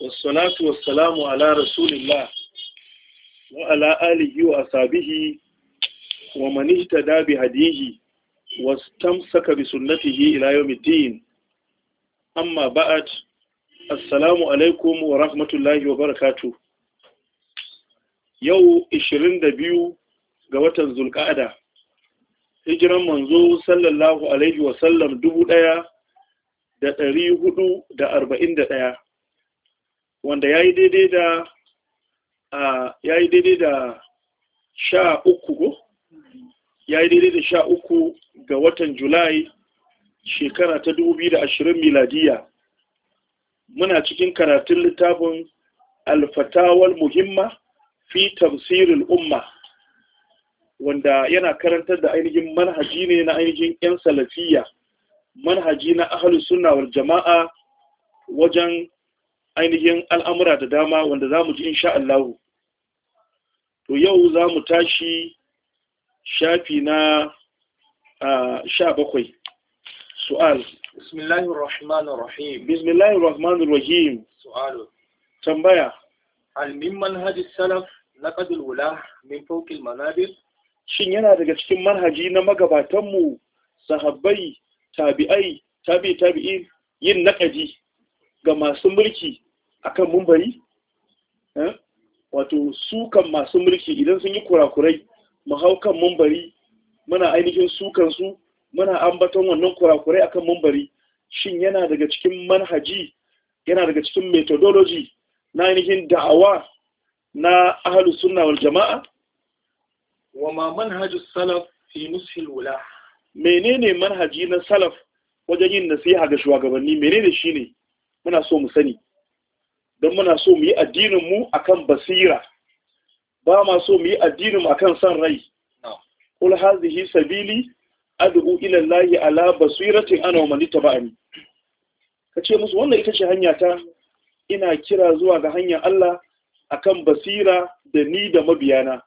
wasu wassalamu ala rasulillah wa ala alihi wa asabihi wa manita da bi hadihi wasu tamsaka bi sunnatihi ila yau amma ba'at assalamu alaikum wa rahmatullahi wa barakatu yau 22 ga watan zulka'ada hijiran manzo sallallahu alaihi da ɗaya. wanda ya yi daidai da ya yi daidai da sha uku ya yi daidai da sha uku ga watan julai shekara ta dubu biyu da ashirin miladiya muna cikin karatun littafin alfatawar muhimma fi tafsirin umma wanda yana karantar da ainihin manhaji ne na ainihin 'yan salafiya manhaji na ahalus jama'a wajen ainihin al'amura da dama wanda za mu ji insha Allah to yau za mu tashi shafi na sha bakwai su'al bismillahir rahmanir rahim rahmanir rahim su'al tambaya al manhaji salaf laqad al wula min fawq al manabir shin yana daga cikin manhaji na magabatanmu sahabbai tabi'ai tabi tabi'in yin naƙadi ga masu mulki akan mumbari eh, wato sukan masu mulki idan sun yi kurakurai mu hau kan mumbari muna ainihin sukan su muna ambaton wannan kurakurai akan mumbari shin yana daga cikin manhaji yana daga cikin methodology na ainihin da'awa na ahlus sunna wal jama'a wa ma manhajus salaf fi nushil wula menene manhaji na salaf wajen yin nasiha ga shugabanni menene shine muna so mu sani don muna so mu yi addininmu akan basira ba ma so mu yi addininmu akan san rai kul hazihi sabili aduu ilallahi ala basiratin ana wa ba'ani. Ka kace musu wannan ita ce hanya ta ina kira zuwa ga hanyar Allah akan basira da ni da mabiyana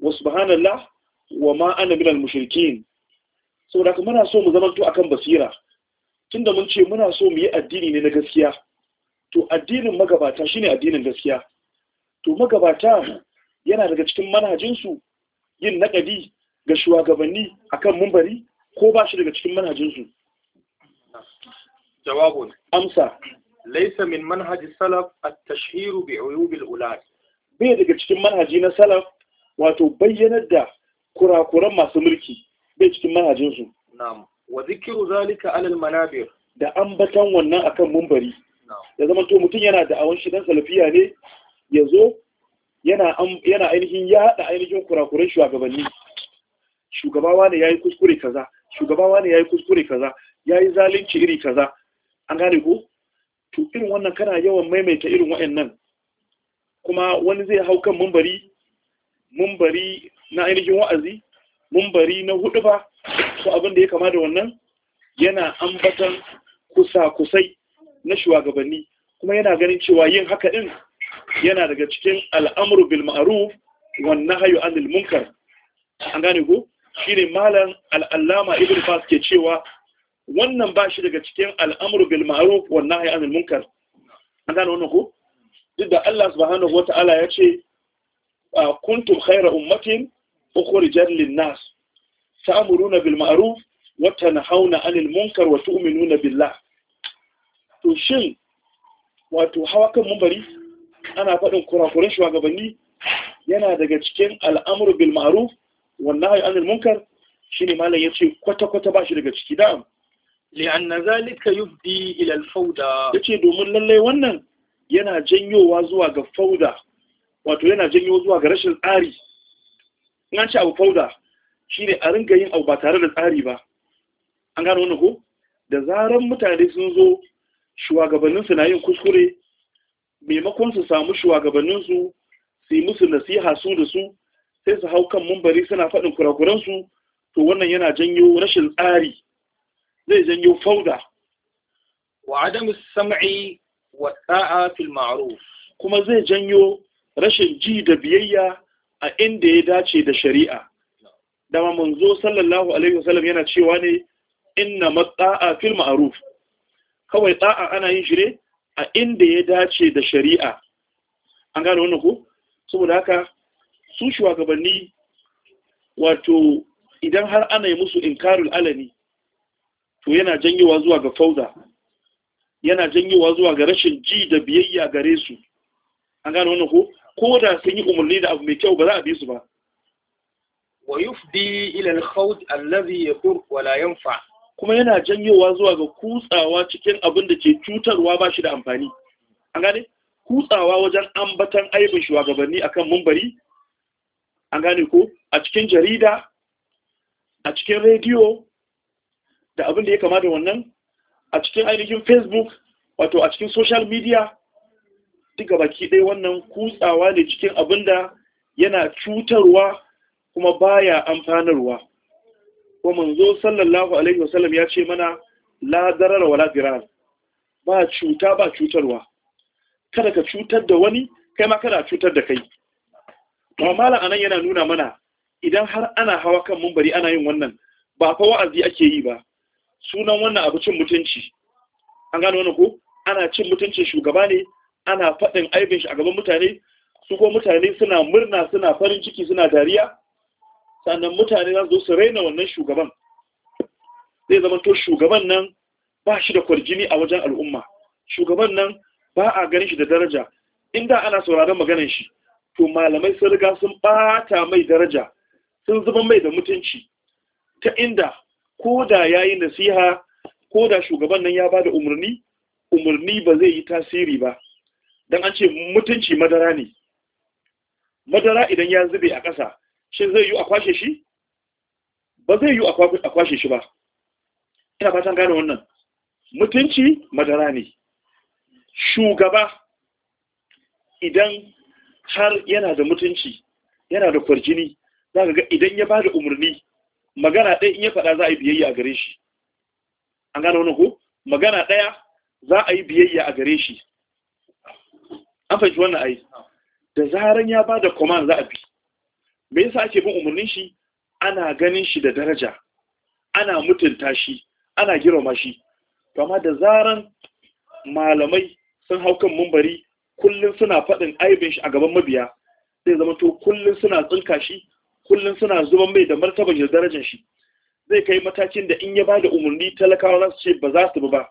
wa subhanallah wa ma ana minal mushrikin saboda muna so mu zamanto akan basira tunda mun ce muna so mu yi addini ne na gaskiya to addinin magabata shine addinin gaskiya to magabata yana daga cikin su yin nakadi ga shugabanni akan mumbari ko ba shi daga cikin su jawabun amsa laisa min manhaji salaf at tashhir bi al ulad bai daga cikin manhaji na salaf wato bayyanar da kurakuran masu mulki bai cikin manhajinsu na'am wa zikru zalika alal manabir da ambatan wannan akan mumbari ya zama to mutum yana da awon shi dan salafiya ne ya zo yana ainihin ya haɗa ainihin kurakuran shugabanni shugabawa ne ya yi kuskure kaza shugabawa ne ya yi kuskure kaza ya yi zalunci iri kaza an gane ko to irin wannan kana yawan maimaita irin wa'annan kuma wani zai hau kan mumbari mumbari na ainihin wa'azi mumbari na hudu ba ko abin da ya kama da wannan yana ambatan kusa-kusai na shugabanni kuma yana ganin cewa yin haka din yana daga cikin al'amru bil ma'ruf wan nahyu anil munkar an gane ko shine malam al'allama ibn fas ke cewa wannan ba shi daga cikin al'amru bil ma'ruf wan nahyi anil munkar an gane wannan ko duk da Allah subhanahu wata'ala ya ce kuntum khayra ummatin ukhrijat lin nas ta'muruna bil ma'ruf wa tanhauna anil munkar wa tu'minuna billah to shin wato hawa kan mumbari ana faɗin kurakuren shugabanni yana daga cikin al'amuru bil ma'ruf wannan anil munkar shine malam yace kwata kwata ba shi daga ciki da li'anna zalika yubdi ila fauda. Ya yace domin lalle wannan yana janyowa zuwa ga fauda wato yana janyowa zuwa ga rashin tsari in an ce abu fauda shine a ringa yin abu ba tare da tsari ba an gano wannan ko da zaran mutane sun zo shugabanninsu na yin kuskure maimakon su samu shugabanninsu su yi musu nasiha su da su sai su hau kan mumbari suna faɗin kurakuransu to wannan yana janyo rashin tsari zai janyo fauda wa adamu sam'i wa ta'a fil ma'ruf kuma zai janyo rashin ji da biyayya a inda ya dace da shari'a dama manzo sallallahu alaihi wasallam yana cewa ne inna matsa'a fil ma'ruf kawai da'a ana yin ne a inda ya dace da shari'a an gane wannan ko saboda haka su shugabanni wato idan har ana yi musu inkarul alani to yana janyewa zuwa ga fauda yana janyewa zuwa ga rashin ji da biyayya gare su an gane wannan ko ko da sun yi umarni da abu mai kyau ba za a bi su ba wa yufdi ila al-khawd alladhi yakur wa la yanfa kuma yana janyowa zuwa ga kutsawa cikin abin da ke cutarwa ba shi da amfani an gane kutsawa wajen ambatan aibin shugabanni akan mumbari an gane ko a cikin jarida a cikin rediyo da abin da ya kama da wannan a cikin ainihin facebook wato a cikin social media duka baki ɗaya wannan kutsawa ne cikin abin da yana cutarwa kuma baya amfanarwa ko manzo sallallahu alaihi wasallam ya ce mana la darara wala dirar ba cuta ba cutarwa kada ka cutar da wani kai ma kada cutar da kai To mallan anan yana nuna mana idan har ana hawa kan mumbari ana yin wannan ba fa wa'azi ake yi ba sunan wannan abu cin mutunci an gano wannan ko ana cin mutuncin shugaba ne ana faɗin aibin shi a gaban mutane su ko mutane suna murna suna farin ciki suna dariya sannan mutane za zo su raina wannan shugaban zai zama to shugaban nan ba shi da kwarjini a wajen al'umma shugaban nan ba a ganin shi da daraja inda ana sauraron maganar shi to malamai sun riga sun bata mai daraja sun zuba mai da mutunci ta inda ko da ya yi nasiha ko da shugaban nan ya ba da umarni umarni ba zai yi tasiri ba don an ce mutunci madara ne madara idan ya zube a ƙasa shi zai yi a kwashe shi ba zai yi a kwashe shi ba ina fatan gane wannan mutunci madara ne shugaba idan har yana da mutunci yana da kwarjini za ga idan ya ba da umarni magana ɗaya in ya faɗa za a yi biyayya a gare shi an gane wannan ko magana ɗaya za a yi biyayya a gare shi an fahimci wannan ayi. da zaran ya ba da command za a bi me yasa ake bin umarnin shi ana ganin shi da daraja ana mutunta shi ana girma shi amma da zaran malamai sun hau kan mumbari kullum suna faɗin aibin shi a gaban mabiya zai zama to kullum suna tsinka shi kullum suna zuban mai da martaban da darajar shi zai kai matakin da in ya bada umarni talakawa za su ce ba za su bi ba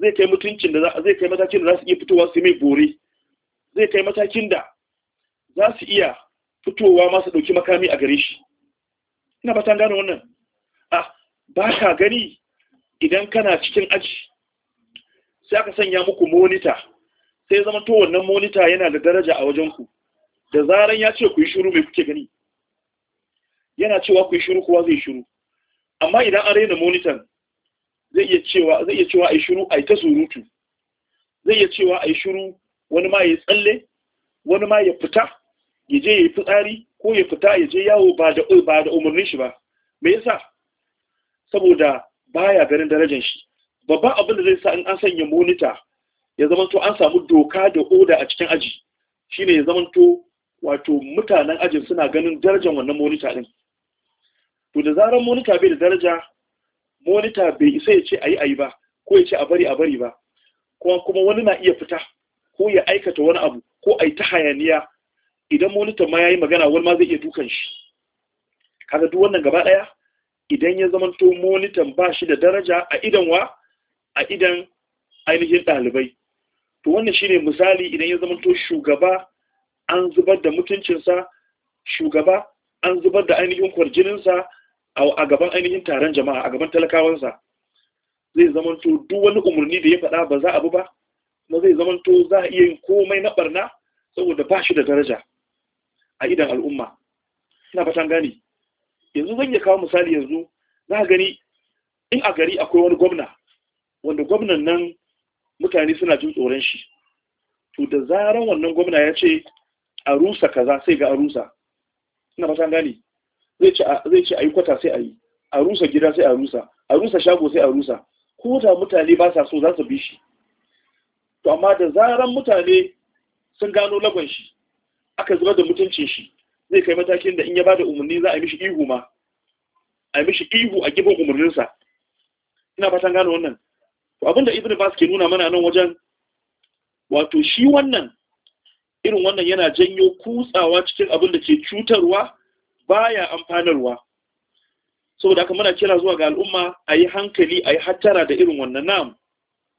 zai kai mutuncin da zai kai matakin da za su iya fitowa su mai bore zai kai matakin da za su iya fitowa masu ɗauki makami a gare shi ina ba ta gane wannan A ah, ba ka gani idan kana cikin aji sai aka sanya muku monita sai zama to wannan monita yana da daraja a wajenku da zaran ya ce ku yi shiru mai kuke gani yana cewa ku yi shiru kowa zai shiru amma idan an raina monitan zai iya cewa zai iya cewa ai shiru ai ta surutu zai iya cewa ai shiru wani ma ya tsalle wani ma ya fita ya je ya yi fitsari ko ya fita ya je yawo ba da ba da umarnin shi ba me yasa saboda baya ganin darajar shi babban abin da zai sa in an sanya monita ya zamanto an samu doka da oda a cikin aji shine ya zamanto wato mutanen ajin suna ganin darajar wannan monita din to da zarar monita bai da daraja monita bai isa ya ce ayi ayi ba ko ya ce a bari a bari ba kuma kuma wani na iya fita ko ya aikata wani abu ko ai ta hayaniya idan monitor ma ya yi magana wani ma zai iya dukan shi kaga duk wannan gaba daya idan ya zama to monitor ba shi da daraja a idan wa a idan ainihin dalibai to wannan shine misali idan ya zama to shugaba an zubar da mutuncinsa shugaba an zubar da ainihin kwarjininsa a gaban ainihin taron jama'a a gaban talakawansa zai to duk wani umarni da ya faɗa ba za a bi ba kuma zai zamanto za a iya yin komai na barna saboda ba shi da daraja a idan al'umma ina fatan gani yanzu zan iya kawo misali yanzu za gani in a gari akwai wani gwamna wanda gwamnan nan mutane suna jin tsoron shi to da zaran wannan gwamna ya ce a rusa kaza sai ga a rusa ina fatan gani zai ce a yi kwata sai a yi a rusa gida sai a rusa a rusa shago sai a rusa ko da mutane ba sa so za su bi shi to amma da zaran mutane sun gano lagon shi aka zubar da mutuncin shi zai kai matakin da in ya bada umarni za a yi mishi ihu ma a yi mishi ihu a gibin umarninsa ina fatan gano wannan to abinda ibnu bas ke nuna mana nan wajen wato shi wannan irin wannan yana janyo kutsawa cikin abin da ke cutarwa baya amfanarwa saboda haka muna kira zuwa ga al'umma a yi hankali a yi hattara da irin wannan nam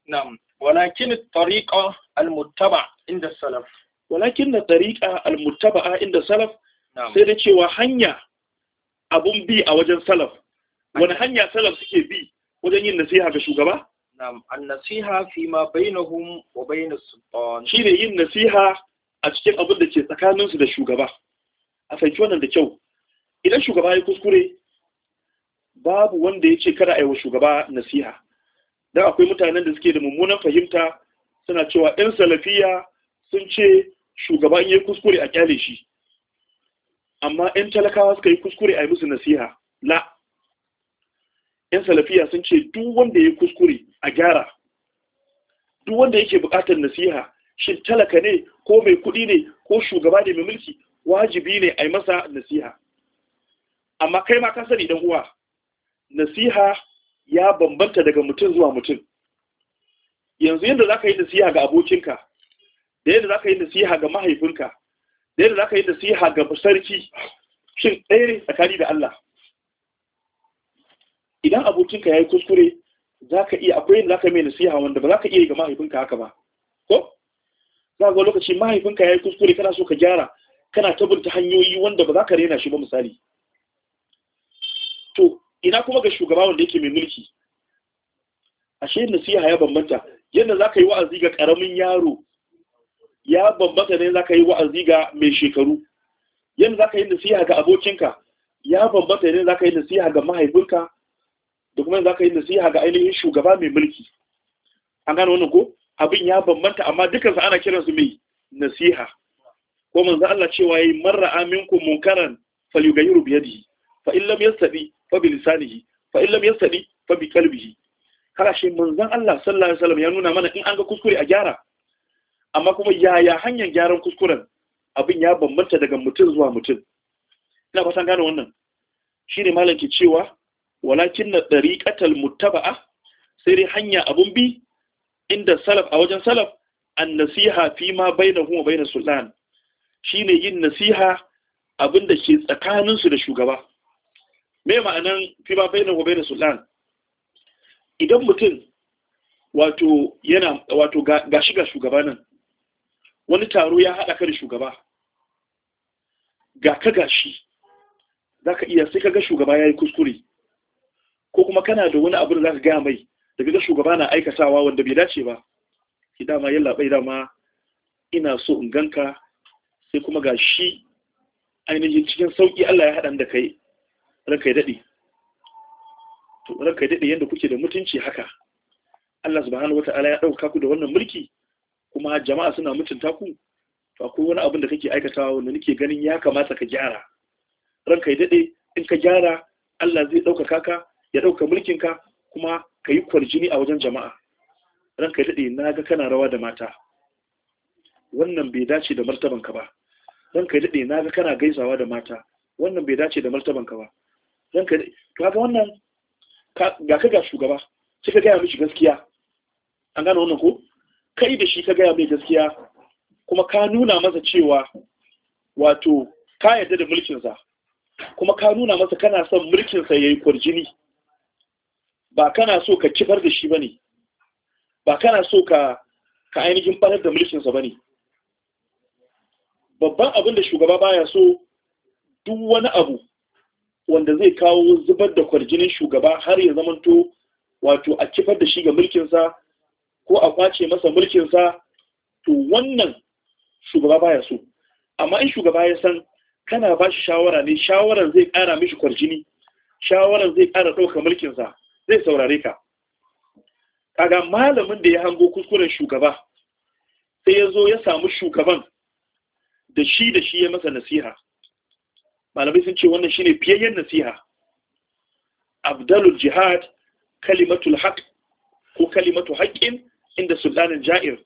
nam walakin tariqa al-muttaba inda salaf walakin na tariqa almuttaba'a inda salaf sai da cewa hanya abun bi a wajen salaf wani hanya salaf suke bi wajen yin nasiha ga shugaba na'am an-nasiha fi ma bainahum wa bain as-sultan shine yin nasiha a cikin abin da ke tsakaninsu da shugaba a fahimci wannan da kyau idan shugaba ya kuskure babu wanda ya ce kada a yi wa shugaba nasiha Dan akwai mutanen da suke da mummunan fahimta suna cewa 'yan salafiya sun ce shugaba in yi kuskure a kyale shi amma 'yan talakawa suka yi kuskure a yi musu nasiha la 'yan salafiya sun ce duk wanda ya kuskure a gyara duk wanda yake buƙatar nasiha shin talaka ne ko mai kuɗi ne ko shugaba ne mai mulki wajibi ne a yi masa nasiha amma kai ma ka sani dan uwa nasiha ya bambanta daga mutum zuwa mutum yanzu yadda za ka yi nasiha ga abokinka da yadda za ka yi nasiha ga mahaifinka da yadda za ka yi nasiha ga sarki shin ɗaya ne tsakani da Allah idan abokinka ya yi kuskure za ka iya akwai yadda za ka mai nasiha wanda ba za ka iya yi ga mahaifinka haka ba ko za ga lokaci mahaifinka ya yi kuskure kana so ka gyara kana tabbata hanyoyi wanda ba za ka rena shi ba misali to ina kuma ga shugaba wanda yake mai mulki ashe nasiha ya bambanta yadda za ka yi wa'azi ga ƙaramin yaro ya bambanta ne za ka yi wa'azi ga mai shekaru yadda za ka yi nasiha ga abokinka ya bambanta ne za ka yi nasiha ga mahaifinka da kuma za ka yi nasiha ga ainihin shugaba mai mulki an gano wani ko abin ya bambanta amma dukansu ana kiransu mai nasiha ko manzo Allah cewa yayi marra aminkum munkaran falyughayyiru bi yadihi fa in lam yastadi fa bi lisanihi fa in lam yastadi fa bi qalbihi kaga shi manzon Allah sallallahu alaihi wasallam ya nuna mana in an ga kuskure a gyara amma kuma yaya hanyar gyaran kuskuren abin ya bambanta daga mutum zuwa mutum ina fatan gane wannan shi ne malam ke cewa walakin na ɗari ɗariƙatal mutaba'a sai dai hanya abun bi inda salaf a wajen salaf an nasiha fi ma baina kuma baina sultan ne yin nasiha abin da ke tsakaninsu da shugaba me ma'anan fi ma baina kuma na sultan idan mutum wato yana wato gashi ga shugaba nan wani taro ya haɗa ka da shugaba ga ka gashi za ka iya sai ka ga shugaba ya yi kuskure ko kuma kana da wani abu da za ka gaya mai daga ga shugaba na aikatawa wanda bai dace ba ki dama yalla laɓai dama ina so in ganka sai kuma ga shi ainihin cikin sauƙi Allah ya haɗa da kai ranka ya daɗe to ranka ya daɗe yadda kuke da mutunci haka Allah subhanahu wata'ala ya ɗauka ku da wannan mulki kuma jama'a suna mutunta ku to akwai wani abin da kake aikatawa wanda nake ganin ya kamata ka gyara ranka ya dade in ka gyara Allah zai ɗaukaka kaka ya ɗauka mulkin ka kuma ka yi kwarjini a wajen jama'a ranka ya dade na ga kana rawa da mata wannan bai dace da martaban ka ba ranka ya dade na ga kana gaisawa da mata wannan bai dace da martaban ka ba ranka ya to haka wannan ga ka ga shugaba sai ka gaya mishi gaskiya an gane wannan ko kai da shi ka gaya mai gaskiya kuma ka nuna masa cewa wato ka yarda da mulkinsa kuma ka nuna masa kana son mulkinsa ya yi kwarjini ba kana so ka kifar da shi ba ne ba kana so ka ainihin barar da mulkinsa ba ne babban abin da shugaba baya so duk wani abu wanda zai kawo zubar da kwarjinin shugaba har ya zamanto wato a kifar da shi ga mulkinsa ko a kwace masa mulkinsa to wannan shugaba baya so amma in shugaba ya san kana ba shi shawara ne shawarar zai kara mishi kwarjini shawarar zai ƙara ɗauka mulkinsa zai saurare ka kaga malamin da ya hango kuskuren shugaba sai ya zo ya samu shugaban da shi da shi ya masa nasiha malamai sun ce wannan shine fiyayyen nasiha abdalul jihad kalimatul haq ko kalimatu haqqin inda sultanin ja'ir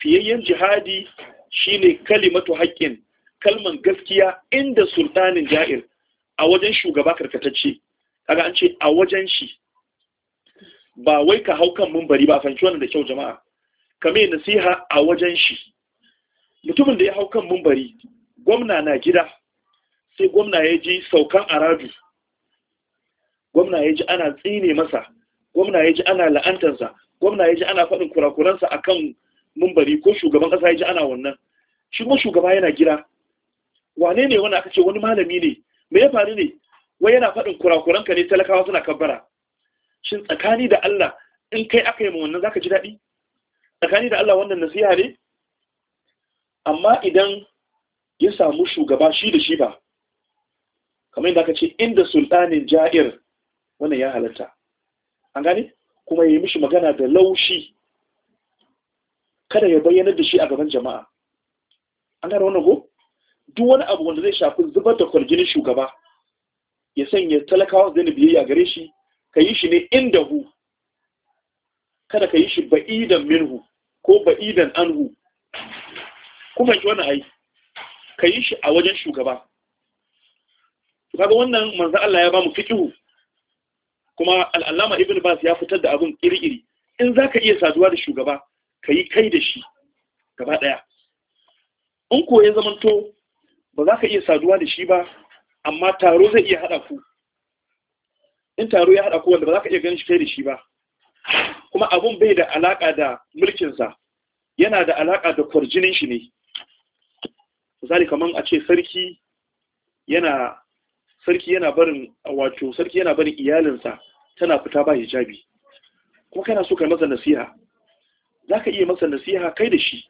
fiyayyen jihadi shine kalimatu haƙƙin kalman gaskiya inda sultanin ja'ir a wajen shugaba karkatacce kaga an ce a wajen shi ba wai ka hau kan mumbari ba fanci wannan da kyau jama'a Ka kame nasiha a wajen shi mutumin da ya hau kan mumbari gwamna na gida sai gwamna ya ji saukan aradu gwamna ya ji ana tsine masa gwamna ya ji ana la'antarsa gwamna ya ji ana faɗin kurakuransa a kan mumbari ko shugaban ƙasa ya ji ana wannan shi kuma shugaba yana gira wane ne wani aka ce wani malami ne me ya faru ne wai yana faɗin kurakuranka ne talakawa suna kabbara shin tsakani da Allah in kai aka yi ma wannan zaka ji daɗi tsakani da Allah wannan nasiha ne amma idan ya samu shugaba shi da shi ba kamar yadda aka ce inda sultanin ja'ir wannan ya halatta an gane kuma ya yi mishi magana da laushi kada ya bayyanar da shi a gaban jama'a an gara wannan ko duk wani abu wanda zai shafi zubar da kwalginin shugaba ya sanya talakawa zai biyayya gare shi ka yi shi ne inda hu kada ka yi shi ba'idan minhu ko ba'idan anhu kuma ki wannan ai ka yi shi a wajen shugaba kaga wannan manzo Allah ya ba mu fiqhu kuma al'allama ibn bas ya fitar da abin iri-iri in za ka iya saduwa da shugaba ka yi kai da shi gaba ɗaya in ko ya zamanto ba za ka iya saduwa da shi ba amma taro zai iya haɗa ku in taro ya haɗa ku wanda ba za ka iya ganin shi kai da shi ba kuma abun bai da alaƙa da mulkinsa yana da alaƙa da kwarjinin shi ne misali kamar a ce sarki yana sarki yana barin wato sarki yana barin iyalinsa tana fita ba hijabi kuma kana so ka masa nasiha zaka iya masa nasiha kai da shi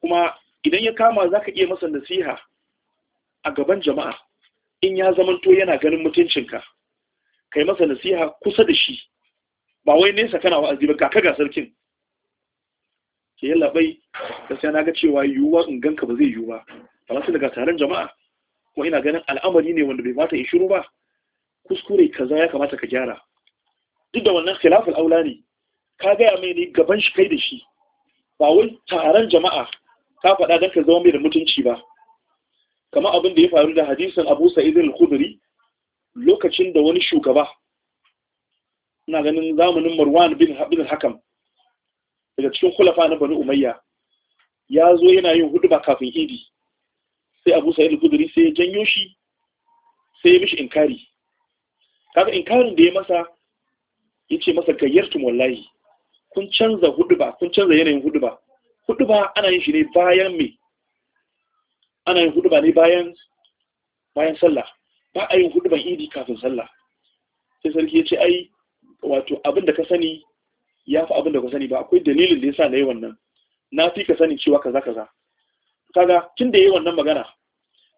kuma idan ya kama zaka iya masa nasiha a gaban jama'a in ya zamanto yana ganin mutuncinka kai masa nasiha kusa da shi ba wai nesa kana wa'azi ba kaka ga sarkin ke yi labai gaskiya na ga cewa yiwuwa in ganka ba zai yiwu ba ba su daga taron jama'a kuma ina ganin al'amari ne wanda bai mata in shiru ba kuskure kaza ya kamata ka gyara duk da wannan khilafin aula ne ka gaya mai ne gaban shi kai da shi ba wai taron jama'a ka faɗa don ka zama mai da mutunci ba kamar abin da ya faru da hadisin abu sa'id al-khudri lokacin da wani shugaba ina ganin zamanin marwan bin bin hakam daga cikin khulafa na bani umayya ya zo yana yin hudu ba kafin idi sai abu sa'id kuduri sai ya janyo shi sai ya mishi inkari kaga inkarin da ya masa ya ce masa gayyartum wallahi kun canza ba kun canza yanayin hudu ba ana yin shi ne bayan me ana yin ba ne bayan bayan sallah ba a yin ba idi kafin sallah sai sarki ya ce ai wato abin da ka sani ya fi abin da ka sani ba akwai dalilin da ya sa na yi wannan na fi ka sani cewa kaza kaza kaga tun da yi wannan magana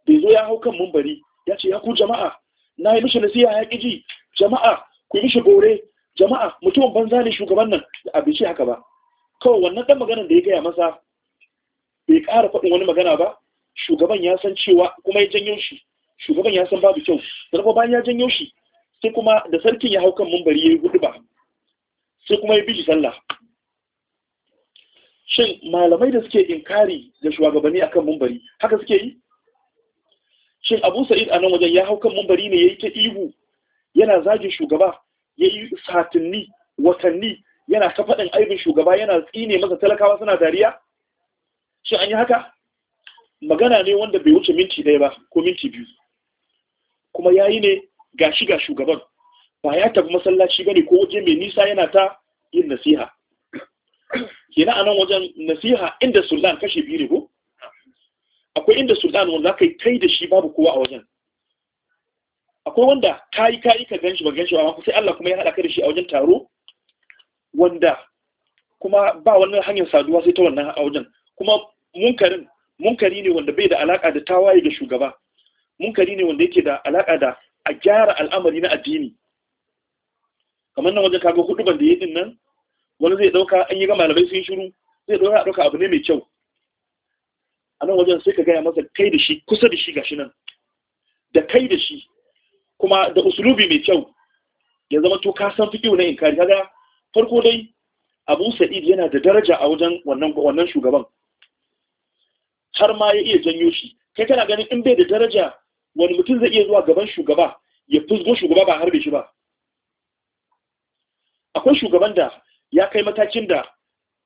bai zo ya hau kan mumbari ya ce ya ku jama'a na yi mishi nasiha ya ji jama'a ku yi mishi gore jama'a mutumin banza ne shugaban nan da abin haka ba kawai wannan ɗan maganar da ya gaya masa bai ƙara faɗin wani magana ba shugaban ya san cewa kuma ya janyo shi shugaban ya san babu kyau da kuma bayan ya janyo shi sai kuma da sarkin ya hau kan mumbari ya yi huɗu ba sai kuma ya bi sallah shin malamai da suke inkari da shugabanni akan mumbari haka suke yi shin abu sa'id a nan wajen ya hau kan mumbari ne ya yi ta ihu yana zagin shugaba ya yi satinni watanni yana ta faɗin aibin shugaba yana tsine masa talakawa suna dariya shin an yi haka magana ne wanda bai wuce minti ɗaya ba ko minti biyu kuma ya yi ne gashi ga shugaban ba ya tafi masallaci bane ko waje mai nisa yana ta yin nasiha Kina anan wajen nasiha inda sultan kashe biyu ne ko akwai inda sultan wanda zaka yi kai da shi babu kowa a wajen akwai wanda ka yi ka ganshi ba ganshi ba amma sai Allah kuma ya hada ka da shi a wajen taro wanda kuma ba wani hanyar saduwa sai ta wannan a wajen kuma munkarin munkari ne wanda bai da alaka da tawaye ga shugaba munkari ne wanda yake da alaka da a gyara al'amari na addini kamar nan wajen kaga hudu ban da yi din nan wani zai dauka an yi ga malamai sun shiru zai dauka a dauka abu ne mai kyau a nan wajen sai ka gaya masa kai da shi kusa da shi gashi nan da kai da shi kuma da usulubi mai kyau ya zama to ka san fiƙiu na inkari kaga farko dai abu sa'id yana da daraja a wajen wannan shugaban har ma ya iya janyo shi kai kana ganin in bai da daraja wani mutum zai iya zuwa gaban shugaba ya fusgo shugaba ba harbe shi ba akwai shugaban da ya kai matakin da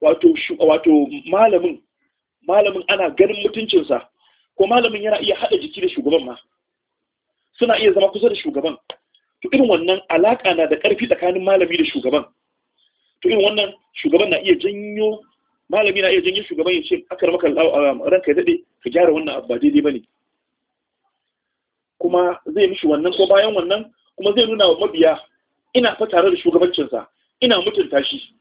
wato wato malamin malamin ana ganin mutuncinsa ko malamin yana iya haɗa jiki da shugaban ma suna iya zama kusa da shugaban to irin wannan alaƙa na da ƙarfi tsakanin malami da shugaban to irin wannan shugaban na iya janyo malami na iya janyo shugaban ya ce aka maka ranka ya daɗe ka gyara wannan abu ba daidai ba ne kuma zai mishi wannan ko bayan wannan kuma zai nuna wa mabiya ina fa tare da shugabancinsa ina mutunta shi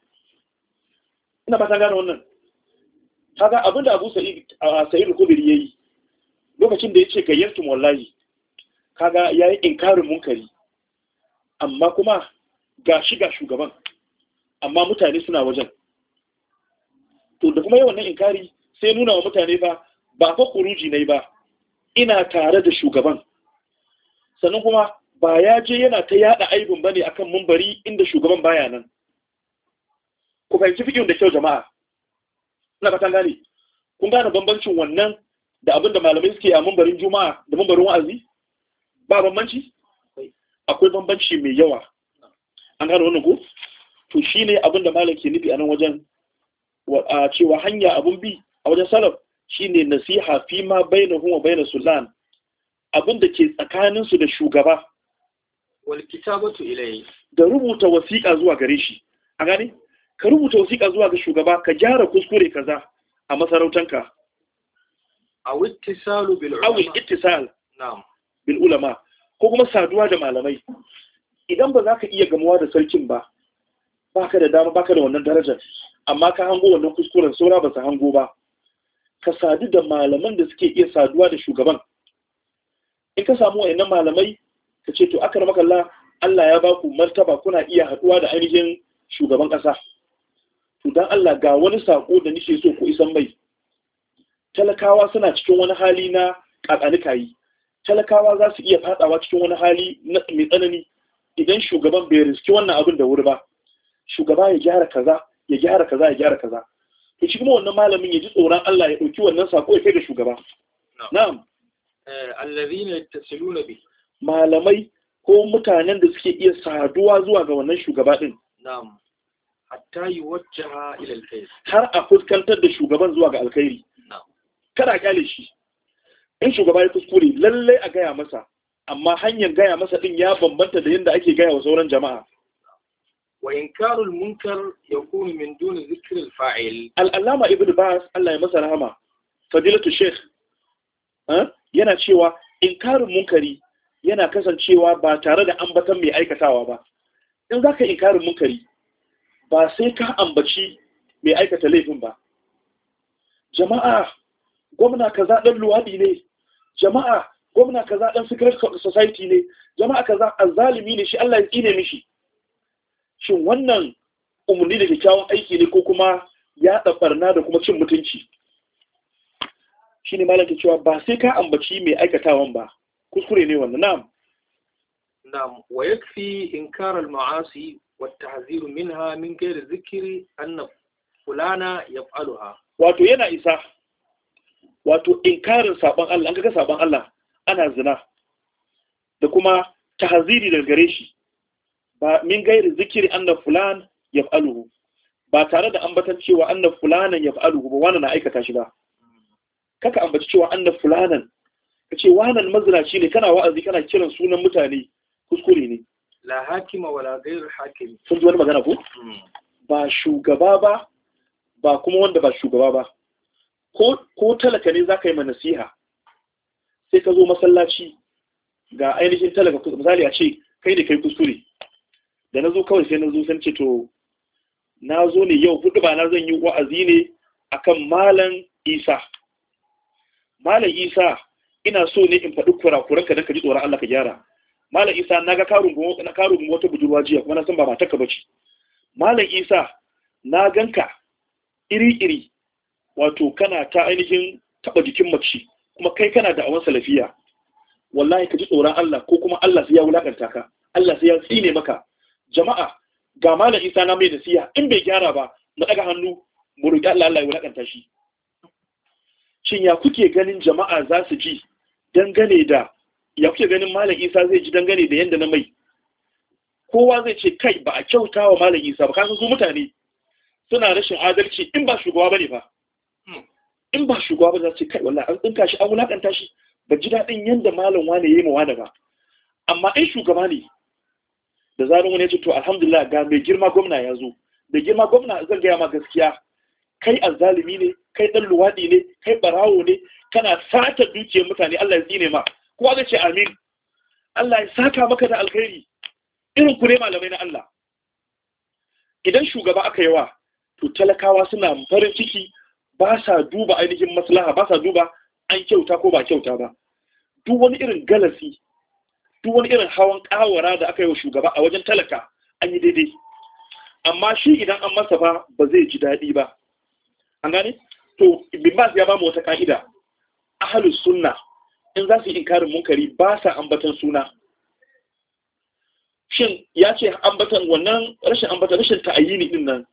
ina ba ta gane wannan kaga abinda Abu Sa'id Sa'id ya yi yayi lokacin da yace gayyantum wallahi kaga yayi inkarin munkari amma kuma ga shi ga shugaban amma mutane suna wajen to da kuma yawan nan inkari sai nuna wa mutane ba ba fa kuruji ne ba ina tare da shugaban sannan kuma ba ya je yana ta yada aibin bane akan mumbari inda shugaban baya nan ku fahimci fikin da kyau jama'a ina fatan gane kun gane bambancin wannan da abin da malamai suke a mumbarin juma'a da mumbarin wa'azi ba bambanci akwai bambanci mai yawa an gane wannan ko to shine abin da malam ke nufi a nan wajen a cewa hanya abun bi a wajen salaf shine nasiha fi ma bainahum wa bainas sulan abin da ke tsakaninsu da shugaba wal kitabatu ilayhi da rubuta wasiƙa zuwa gare shi a gane ka rubuta wasiƙa zuwa ga shugaba ka gyara kuskure kaza a masarautanka aw ittisalu bil ulama aw ittisal na'am bil ulama ko kuma saduwa da malamai idan ba za ka iya gamuwa da sarkin ba baka da dama baka da wannan darajar amma ka hango wannan kuskuren saura ba su hango ba ka sadu da malaman da suke iya saduwa da shugaban in ka samu wayannan malamai ka ce to aka ramaka Allah Allah ya baku martaba kuna iya haɗuwa da ainihin shugaban ƙasa to dan Allah ga wani sako da nake so ku isan mai talakawa suna cikin wani hali na yi. talakawa za su iya fadawa cikin wani hali mai tsanani idan shugaban bai riski wannan abin da wuri ba shugaba ya gyara kaza ya gyara kaza ya gyara kaza to shi kuma wannan malamin ya ji tsoron Allah ya dauki wannan sako ya kai ga shugaba na'am eh, allazina yattasiluna bi malamai ko mutanen da suke iya saduwa zuwa ga wannan shugaba din na'am hatta yuwajja ila alkhair har a fuskantar da shugaban zuwa ga alkhairi na'am kada kyale shi in shugaba ya kuskure lalle a gaya masa amma hanyar gaya masa din ya bambanta da yadda ake gaya wa sauran jama'a wa inkarul munkar yakunu min duni zikr alfa'il al-allama ibn bas Allah ya masa rahama fadilatu sheikh eh, yana cewa inkarin munkari yana kasancewa ba tare da ambatan mai aikatawa ba in za ka inkarin munkari ba sai ka ambaci mai aikata laifin ba jama'a gwamna ka zaɗen luwaɗi ne jama'a gwamna kaza ɗan secret society ne jama'a kaza zalimi ne shi Allah ya tsine mishi shin wannan umarni da kyakkyawan aiki ne ko kuma ya ɗabarna da kuma cin mutunci shi ne malam cewa ba sai ka ambaci mai aikatawan ba kuskure ne wannan na'am na'am wa yakfi inkar al-ma'asi wa tahzir minha min ghairi zikri anna fulana yaf'aluha wato yana isa wato inkarin saban Allah an kaga saban Allah ana zina da kuma tahziri daga gare shi ba min gairi zikiri anna fulan yaf'aluhu ba tare da ambatar cewa anna fulanan yaf'aluhu ba wannan na aikata shi ba kaka ambaci cewa anna fulanan ka ce wannan mazinaci ne kana wa'azi kana kiran sunan mutane kuskure ne la hakima wala ghairu hakim sun ji wani magana ko hmm. ba shugaba ba ba kuma wanda ba shugaba ba ko talaka ne zaka yi nasiha sai ka zo masallaci ga ainihin talaka misali a ce kai da kai kuskure da na zo kawai sai na zo san to na zo ne yau hudu ba na zan yi wa'azi ne akan malam isa malam isa ina so ne in faɗi kurakuran ka dan ka ji tsoron Allah ka gyara malam isa na ga karun na wata budurwa jiya kuma na san ba matarka bace malam isa na ganka iri iri wato kana ta ainihin taba jikin mace kuma kai kana da awan salafiya wallahi ka ji tsoron Allah ko kuma Allah sai ya wulakanta ka Allah sai ya tsine maka jama'a ga malam Isa na mai nasiha in bai gyara ba Na daga hannu mu roki Allah Allah ya wulakanta shi shin ya kuke ganin jama'a za su ji dangane da ya kuke ganin malam isa zai ji dangane da yadda na mai kowa zai ce kai ba a kyauta wa malam isa ba kasan su mutane suna rashin adalci in ba shugaba bane ba hmm. in ba shugaba ba za su ce kai wallahi an tsinka shi an wulakanta shi ba ji daɗin yadda malam wane ya yi mawa wane ba amma in shugaba ne da zarin wani ya ce to alhamdulillah ga mai girma gwamna ya zo da girma gwamna zan gaya ma gaskiya kai azzalimi ne kai dan luwadi ne kai barawo ne kana sata dukiyar mutane Allah ya tsine ma kowa zai ce amin Allah ya saka maka da alkhairi irin ku ne malamai na Allah idan shugaba aka yi wa to talakawa suna farin ciki ba sa duba ainihin maslaha ba sa duba an kyauta ko ba kyauta ba duk wani irin galasi duk wani irin hawan kawara da aka yi wa shugaba a wajen talaka an yi daidai amma shi idan an masa ba ba zai ji daɗi ba an gane to ibn bas ya ba mu wata ka'ida ahlus sunna in za su yi inkarin munkari ba sa ambatan suna shin ya ce ambatan wannan rashin ambatan rashin ta'ayyini din nan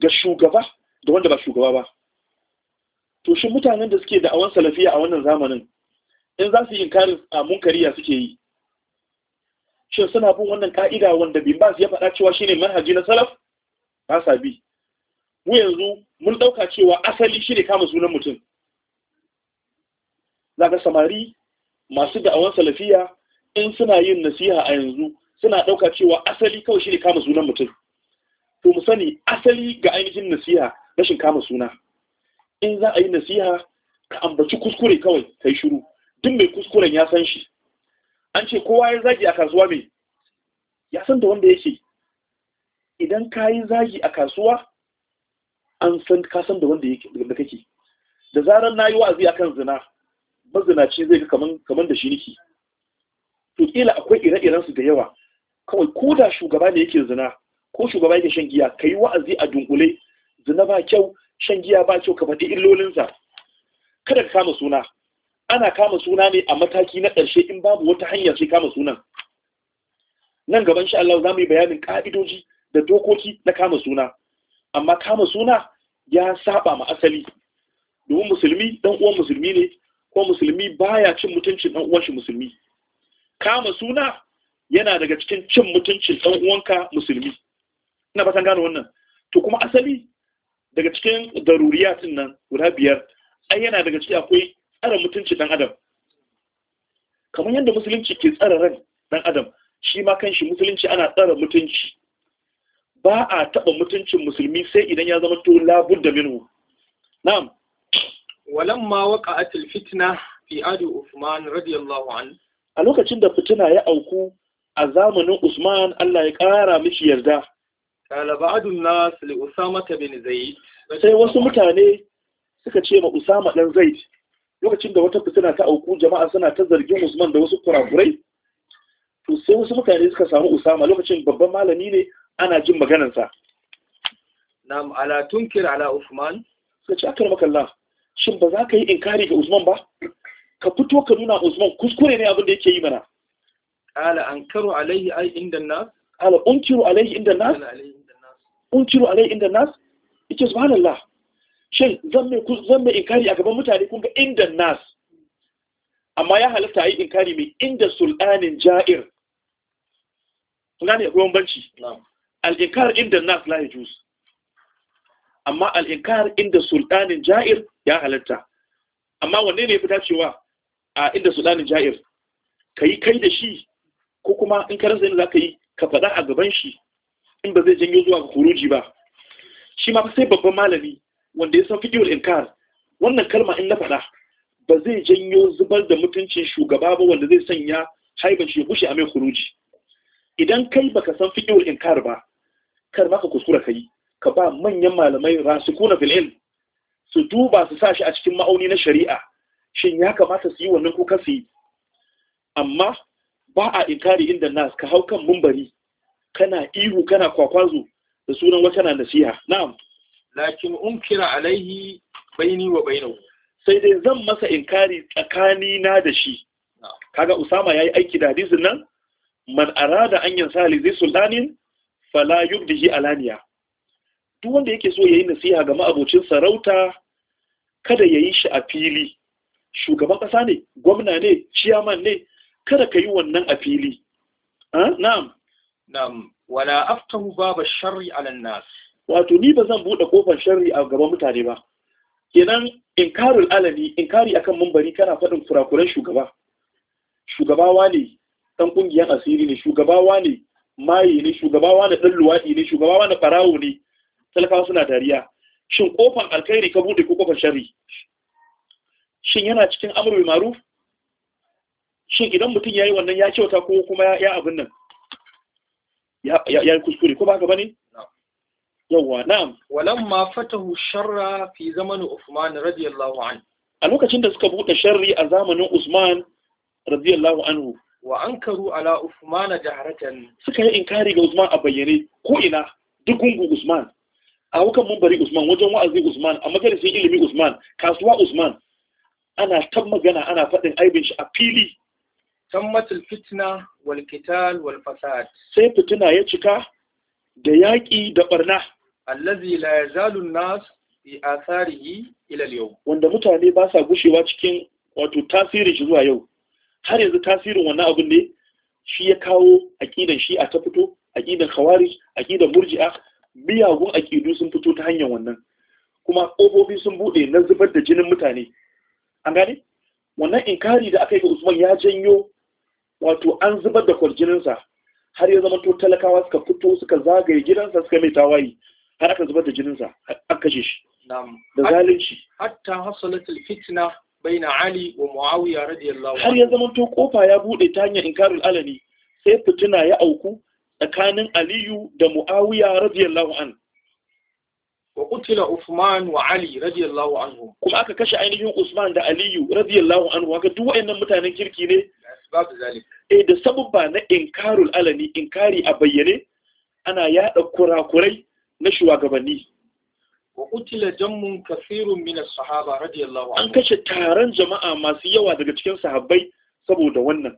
ga shugaba da wanda ba shugaba ba to shin mutanen da suke da'awan salafiya a wannan zamanin in za su yi inkarin a munkari ya suke yi shin suna bin wannan ka'ida wanda bimbas bas ya faɗa cewa shine manhaji na salaf ba sa bi mu yanzu mun ɗauka cewa asali shi ne kama sunan mutum zaga samari masu da'awan salafiya in suna yin nasiha a yanzu suna ɗauka cewa asali kawai shi ne kama sunan mutum to mu sani asali ga ainihin nasiha rashin kama suna in za a yi nasiha ka ambaci kuskure kawai ka yi shiru duk mai kuskuren ya san shi an ce kowa ya zagi a kasuwa mai ya san da wanda yake idan ka yi zagi a kasuwa an san kasan san da wanda yake da kake da zarar nayi wa'azi akan zina mazinaci zai ga kaman kaman da shi niki to kila akwai ire-iren su da yawa kawai ko da shugaba ne yake zina ko shugaba yake shan giya kai wa'azi a dunkule zina ba kyau shan giya ba kyau ka faɗi illolinsa kada ka kama suna ana kama suna ne a mataki na ƙarshe in babu wata hanya sai kama sunan nan gaban sha Allah za mu yi bayanin ƙa'idoji da dokoki na kama suna amma kama suna ya saba ma asali domin musulmi dan uwan musulmi ne ko musulmi baya cin mutuncin dan uwan shi musulmi kama suna yana daga cikin cin mutuncin dan uwanka musulmi ina fatan gano wannan to kuma asali daga cikin daruriyatin nan guda biyar ai yana daga cikin akwai tsara mutuncin dan adam kamar yadda musulunci ke tsara ran dan adam shi ma kanshi musulunci ana tsara mutunci ba a taɓa mutuncin musulmi sai idan ya zama labur da minu. na'am Walan waka waqa'at alfitna fi adi Usman, radiyallahu an a lokacin da fitina ya auku a zamanin Usman Allah ya ƙara mishi yarda kala ba'dun nas li Usama bin Zaid sai wasu mutane suka ce ma Usama dan Zaid lokacin da wata fitina ta auku jama'a suna ta zargin Usman da wasu kurakurai to sai wasu mutane suka samu Usama lokacin babban malami ne ana jin maganansa na'am ala tunkir ala usman ka ci akar makalla shin ba za ka yi inkari ga usman ba ka fito ka nuna usman kuskure ne abin da yake yi mana ala ankaru alaihi ai inda nas ala unkiru alaihi inda nas unkiru alaihi inda nas yake subhanallah shin zan mai zan mai inkari a gaban mutane kun ga inda nas amma ya halatta yi inkari mai inda sul'anin ja'ir kun gane akwai banci na'am al’inkar inda nas la jus amma al’inkar inda sultanin ja'ir ya halatta amma wanne ne fi dacewa a inda sultanin ja'ir Ka yi kai da shi ko kuma in ka rasa za ka yi ka faɗa a gaban shi in ba zai janyo zuwa ga kuruji ba shi ma sai babban malami wanda ya san fi inkar wannan kalma in na faɗa ba zai janyo zubar da mutuncin shugaba ba wanda zai sanya haiban shi ya bushe a mai kuruji idan kai baka san fiqhul inkar ba kar maka kuskura kai ka ba manyan malamai rasikuna fil ilm su duba su sa shi a cikin ma'auni na shari'a shin ya kamata su yi wannan ko kasu yi amma ba a inkari inda nas ka hau kan mumbari kana ihu kana kwakwazo da sunan wata na nasiha na'am lakin unkira alaihi baini wa bainahu sai dai zan masa inkari tsakani na da shi kaga usama yayi aiki da hadisin nan man arada an yansa li sultanin fala yubdihi alaniya duk wanda yake so yayi nasiha ga ma'abocin sarauta kada yayi shi a fili shugaban kasa ne gwamna ne chairman ne kada ka wannan a fili na'am na'am wala aftahu baba sharri ala nas wato ni ba zan bude kofar sharri a gaban mutane ba kenan inkarul alani inkari akan mambari, kana faɗin kurakuran shugaba shugabawa ne dan kungiyar asiri ne shugabawa ne mayi ne shugaba wani ɗan luwaɗi ne shugaba wani farawo ne talakawa suna dariya shin kofan alkhairi ka buɗe ko kofan shari shin yana cikin amurwi maruf shin idan mutum ya yi wannan ya kyauta ko kuma ya abin nan ya yi kuskure ko ba ka bane yawwa na'am walan ma fatahu sharra fi zamanin usman radiyallahu anhu a lokacin da suka buɗe sharri a zamanin Usman radiyallahu anhu wa an ankaru ala Uthman jaharatan suka yi inkari ga Usman a bayyane ko ina duk gungun Usman a wukan bari Usman wajen wa'azi Usman a majalisin ilimi Usman kasuwa Usman ana ta magana ana faɗin aibin shi a fili tammatul fitna wal qital wal fasad sai fitina ya cika da yaƙi da barna allazi la yazalu nas bi atharihi ila al-yawm wanda mutane ba sa gushewa cikin wato tasiri shi zuwa yau har yanzu tasirin wannan abin ne shi ya kawo aƙidan shi a ta fito aƙidan khawarij aƙidan murji'a miyagun aƙidu sun fito ta hanyar wannan kuma ƙofofi sun buɗe na zubar da jinin mutane an gane wannan inkari da aka yi ga usman ya janyo wato an zubar da kwarjininsa har ya zama to talakawa suka fito suka zagaye gidansa suka mai tawayi har aka zubar da jininsa an kashe shi da zalunci hatta hasalatul fitna baina Ali wa Muawiya radiyallahu har ya zama to kofa ya bude ta hanyar inkarul alani sai fitina ya auku tsakanin Aliyu da Muawiya radiyallahu an wa kutila Uthman wa Ali radiyallahu anhum kuma aka kashe ainihin Uthman da Aliyu radiyallahu anhu haka duk wayannan mutanen kirki ne eh da sababba na inkarul alani inkari a bayyane ana yada kurakurai na shugabanni wa qutila jammun kathirun min as-sahaba radiyallahu an kashe taron jama'a masu yawa daga cikin sahabbai saboda wannan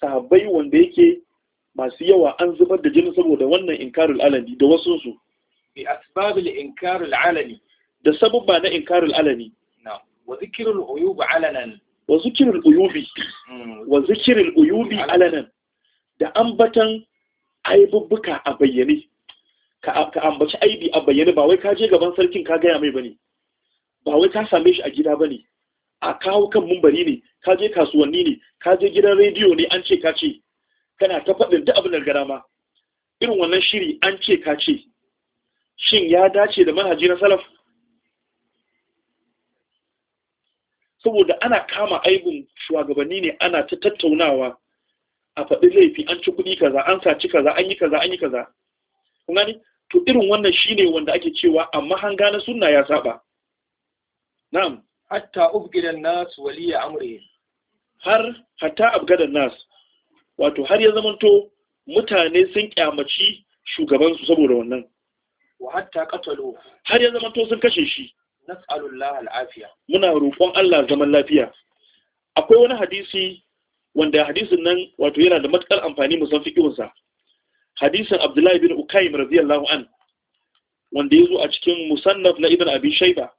sahabbai wanda yake masu yawa an zubar da jini saboda wannan inkarul alani da wasu su bi asbabil inkarul alani da sababba na inkarul alani wa zikrul uyub alanan wa zikrul uyubi mm. wa zikrul uyubi alanan da ambatan aibubbuka a bayyane ka ambaci aibi a bayyane ba wai ka je gaban sarkin ka gaya mai bane ba wai ka same shi a gida bane a kawo kan mumbari ne ka je kasuwanni ne ka je gidan rediyo ne an ce ka ce kana ta faɗin duk abin da gara ma irin wannan shiri an ce ka ce shin ya dace da manhaji na salaf saboda ana kama aibin shugabanni ne ana ta tattaunawa a faɗin laifi an ci kuɗi kaza an saci kaza an yi kaza an yi kaza kun gani to irin wannan shine wanda ake cewa amma hanga na sunna ya saba na'am hatta ubgidan nas waliya amri har hatta abgadan nas wato har ya zamanto mutane sun kyamaci shugabansu su saboda wannan wa hatta qatalu har ya zamanto sun kashe shi nas'alullah al'afiya muna roƙon Allah zaman lafiya akwai wani hadisi wanda hadisin nan wato yana da matuƙar amfani musan fiƙinsa hadisin abdullahi bin ukaim radiyallahu an wanda ya zo a cikin musannaf na ibn abi shaiba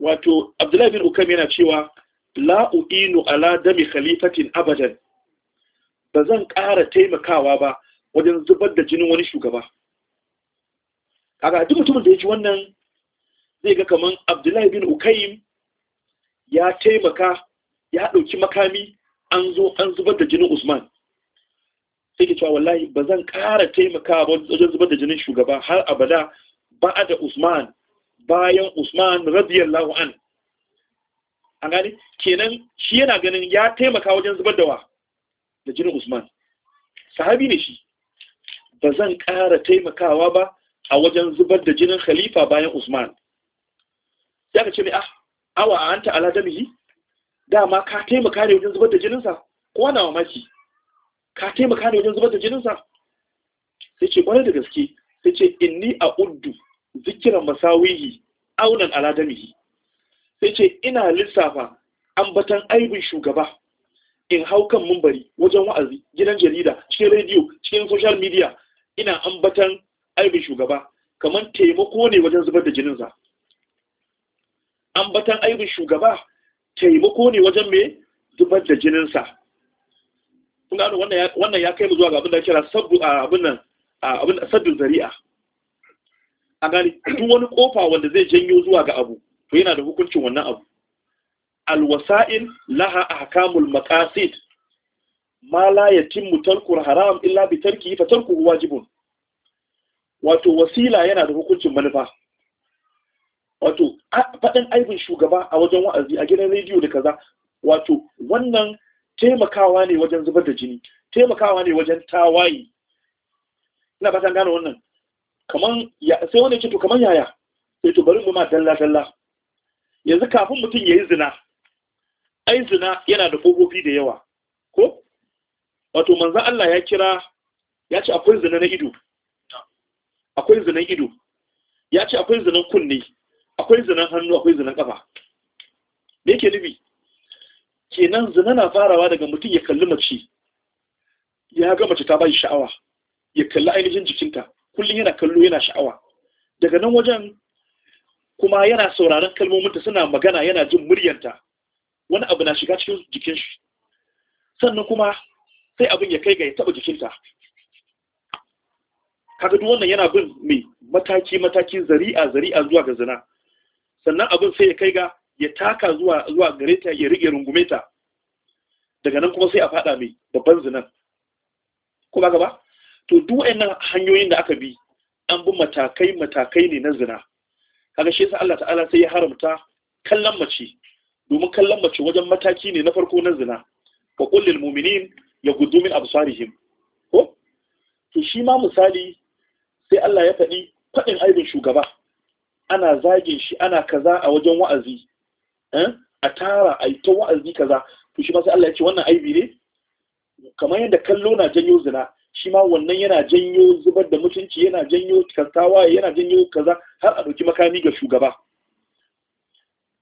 wato abdullahi bin ukaim yana cewa la u'inu ala dami khalifatin abadan ba zan ƙara taimakawa ba wajen zubar da jinin wani shugaba kaga duk mutumin da ya ci wannan zai ga kaman abdullahi bin ukaim ya taimaka ya ɗauki makami an zo an zubar da jinin usman yake cewa wallahi ba zan ƙara taimaka ba wajen zubar da jinin shugaba har abada ba da Usman bayan Usman radiyallahu an an gani kenan shi yana ganin ya taimaka wajen zubar da wa da jinin Usman sahabi ne shi ba zan ƙara taimakawa ba a wajen zubar da jinin khalifa bayan Usman ya ce mai ah awa anta ala damihi dama ka taimaka ne wajen zubar da jininsa ko na mamaki ka taimaka da wajen zubar da jininsa sai ce kwarai da gaske sai ce inni a uddu zikiran masawihi aunan aladamihi sai ce ina lissafa ambatan aibin shugaba in hau kan mumbari wajen wa'azi gidan jarida cikin rediyo cikin social media ina ambatan aibin shugaba kamar taimako ne wajen zubar da jininsa ambatan aibin shugaba taimako ne wajen mai zubar da jininsa kun wannan ya kai mu zuwa ga abin da kira sabbin zari'a a gani duk wani kofa wanda zai janyo zuwa ga abu to yana da hukuncin wannan abu alwasa'il laha ahkamul maqasid ma la yatimmu tarkul haram illa bi tarki fa tarkuhu wajibun wato wasila yana da hukuncin manufa wato faɗin aibin shugaba a wajen wa'azi a gidan rediyo da kaza wato wannan taimakawa ne wajen zubar da jini taimakawa ne wajen tawaye ina fatan gane wannan kaman ya sai wani ce to kaman yaya sai to bari mu ma dalla dalla yanzu kafin mutum yayi zina ai zina yana da kokofi da yawa ko wato manzo Allah ya kira ya ce akwai zina na ido akwai zinan ido ya ce akwai zinan kunne akwai zinan hannu akwai zinan kafa me yake nufi kenan zina na farawa daga mutum ya kalli mace ya ga mace ta bai sha'awa ya kalli ainihin jikinta kullum yana kallo yana sha'awa daga nan wajen kuma yana sauraron kalmominta suna magana yana jin muryanta wani abu na shiga cikin jikin shi sannan kuma sai abin ya kai ga ya taba jikinta kaga duk wannan yana bin mai mataki mataki zari'a zari'a zuwa ga zina sannan abin sai ya kai ga ya taka zuwa zuwa gare ta ya rike rungume ta daga nan kuma sai a fada mai babban zinan ko ba gaba, to duk wayannan hanyoyin da aka bi an bi matakai matakai ne na zina kaga shi yasa Allah ta'ala sai ya haramta kallon mace domin kallon mace wajen mataki ne na farko na zina wa kullil mu'minin yaghuddu min absarihim ko to shi ma misali sai Allah ya faɗi faɗin aibin shugaba ana zagin shi ana kaza a wajen wa'azi Eh, a tara a yi ta wa'azi kaza to shi ma sai Allah ya ce wannan aibi ne kamar yadda kallo na janyo zina shi ma wannan yana janyo zubar da mutunci yana janyo kastawa yana janyo kaza har a ɗauki makami ga shugaba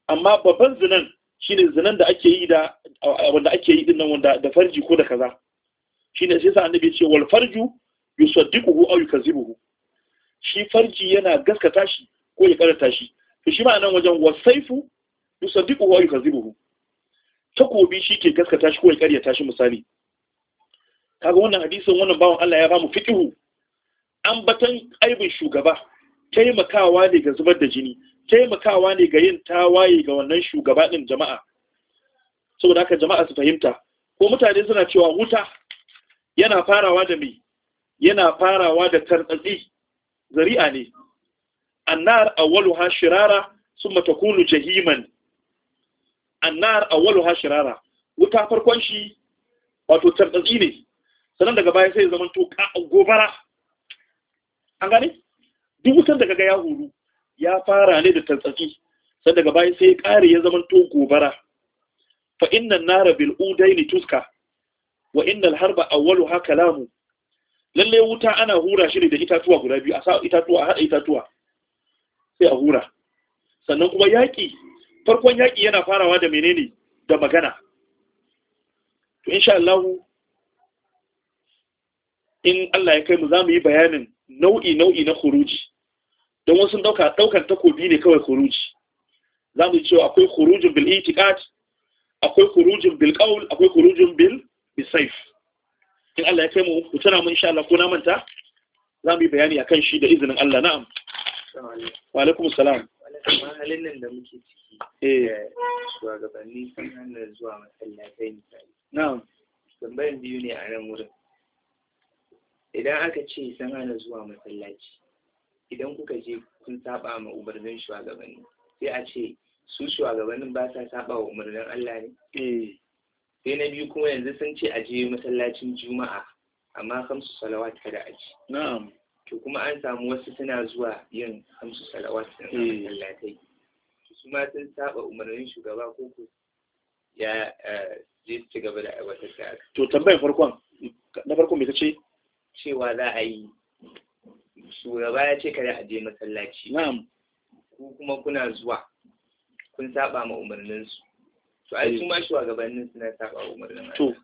amma babban zinan shine zinan da ake yi da wanda ake yi dinnan wanda da farji ko da kaza shine sai sa annabi ya ce wal farju yusaddiquhu aw yukazzibuhu shi farji yana gaskata shi ko ya karanta shi to shi ma nan wajen wasaifu yusaddiqu wa yukazibuhu takobi shi ke gaskata shi ko ya kariya tashi misali kaga wannan hadisin wannan bawon Allah ya ba bamu An batan aibin shugaba taimakawa ne ga zubar da jini taimakawa ne ga yin tawaye ga wannan shugaba din jama'a saboda haka jama'a su fahimta ko mutane suna cewa wuta yana farawa da mai yana farawa da tartsatsi zari'a ne annar awwaluha shirara summa takunu jahiman annar awwalu shirara wuta farkon shi wato tartsatsi ne sannan daga baya sai zaman to gobara an gane duk wutan daga ga yahuru ya fara ne da tartsatsi sai daga baya sai ya kare ya zaman to gobara fa inna nara bil udaini tuska wa inna al harba ha kalamu lalle wuta ana hura shi ne da itatuwa guda biyu a sa itatuwa a hada itatuwa sai a hura sannan kuma yaki farkon yaƙi yana farawa da menene da magana to insha Allah in Allah ya kai mu zamu yi bayanin nau'i nau'i na khuruji don wasu dauka daukan takobi ne kawai khuruji zamu mu cewa akwai khurujin bil itiqad akwai khurujin bil qawl akwai khurujin bil bisayf in Allah ya kai mu ku tana mu insha Allah ko na manta zamu yi bayani akan shi da izinin Allah na'am wa alaikum salam halin nan da muke ciki eh. Eh, shugabanni sun hana zuwa masallatai misali na'am tambayan biyu ne a nan wurin idan aka ce sun hana zuwa masallaci idan kuka je kun saba ma umarnin shugabanni sai a ce su shugabannin ba sa saba wa umarnin Allah ne eh. sai na biyu kuma yanzu sun ce a je masallacin juma'a amma kamsu salawa kada a ci na'am to kuma an samu wasu suna zuwa yin hamsu salawat din eh. masallatai su ma sun saba umarnin shugaba ko ko ya je eh, ci gaba da aiwatar da aka to tambayar farkon na farkon me tace cewa za a yi shugaba ya ce kada a je masallaci na'am ku kuma kuna zuwa kun saba ma umarnin su to ai su ma eh. shugabannin suna saba umarnin to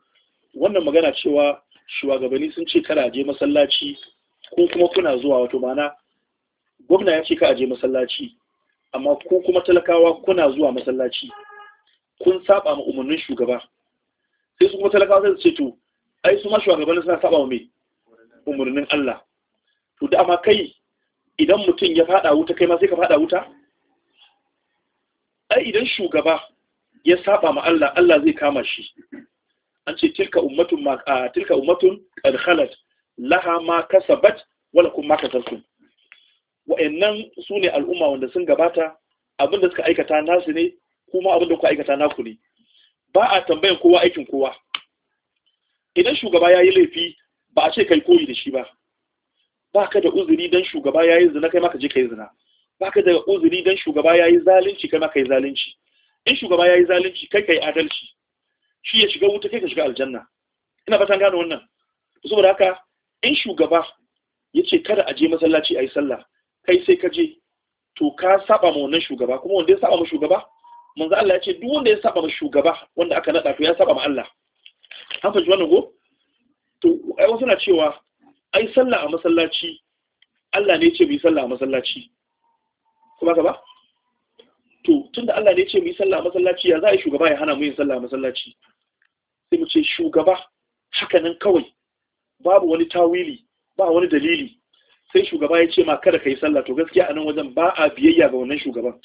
wannan magana cewa shugabanni sun ce kada a je masallaci ko kuma kuna zuwa wato mana gwamna ya ce ka aje masallaci amma ko kuma talakawa kuna zuwa masallaci kun saba ma umarnin shugaba sai su kuma talakawa sai su ce to ai su ma shugabannin suna saba wa me umarnin Allah to da amma kai idan mutum ya fada wuta kai ma sai ka fada wuta ai idan shugaba ya saba ma Allah Allah zai kama shi an ce tilka ummatun ma tilka ummatun qad khalat laha ma kasabat wala kuma kasarsu wa'annan su ne al'umma wanda sun gabata abinda suka aikata nasu ne kuma abinda kuka aikata naku ne ba a tambayan kowa aikin kowa idan shugaba ya yi laifi ba a ce kai koyi da shi ba ba ka da uzuri don shugaba ya yi zina kai maka je ka yi zina ba ka da uzuri don shugaba ya yi zalunci kai maka yi zalunci in shugaba ya yi zalunci kai ka yi adalci shi ya shiga wuta kai ka shiga aljanna ina fatan gane wannan saboda haka in shugaba ya ce kada a je masallaci a yi sallah kai sai ka je to ka saba ma wannan shugaba kuma wanda ya saba ma shugaba manzo Allah ya ce duk wanda ya saba ma shugaba wanda aka nada to ya saba ma Allah an fahimci wannan go, to ai wasu na cewa ai sallah a masallaci Allah ne ya ce mu yi sallah a masallaci kuma ka ba to tunda Allah ne ya ce mu yi sallah a masallaci ya za a yi shugaba ya hana mu yin sallah a masallaci sai mu ce shugaba haka nan kawai babu wani tawili ba wani dalili sai shugaba ya ce ma kada ka yi sallah to gaskiya a nan wajen ba a biyayya ga wannan shugaban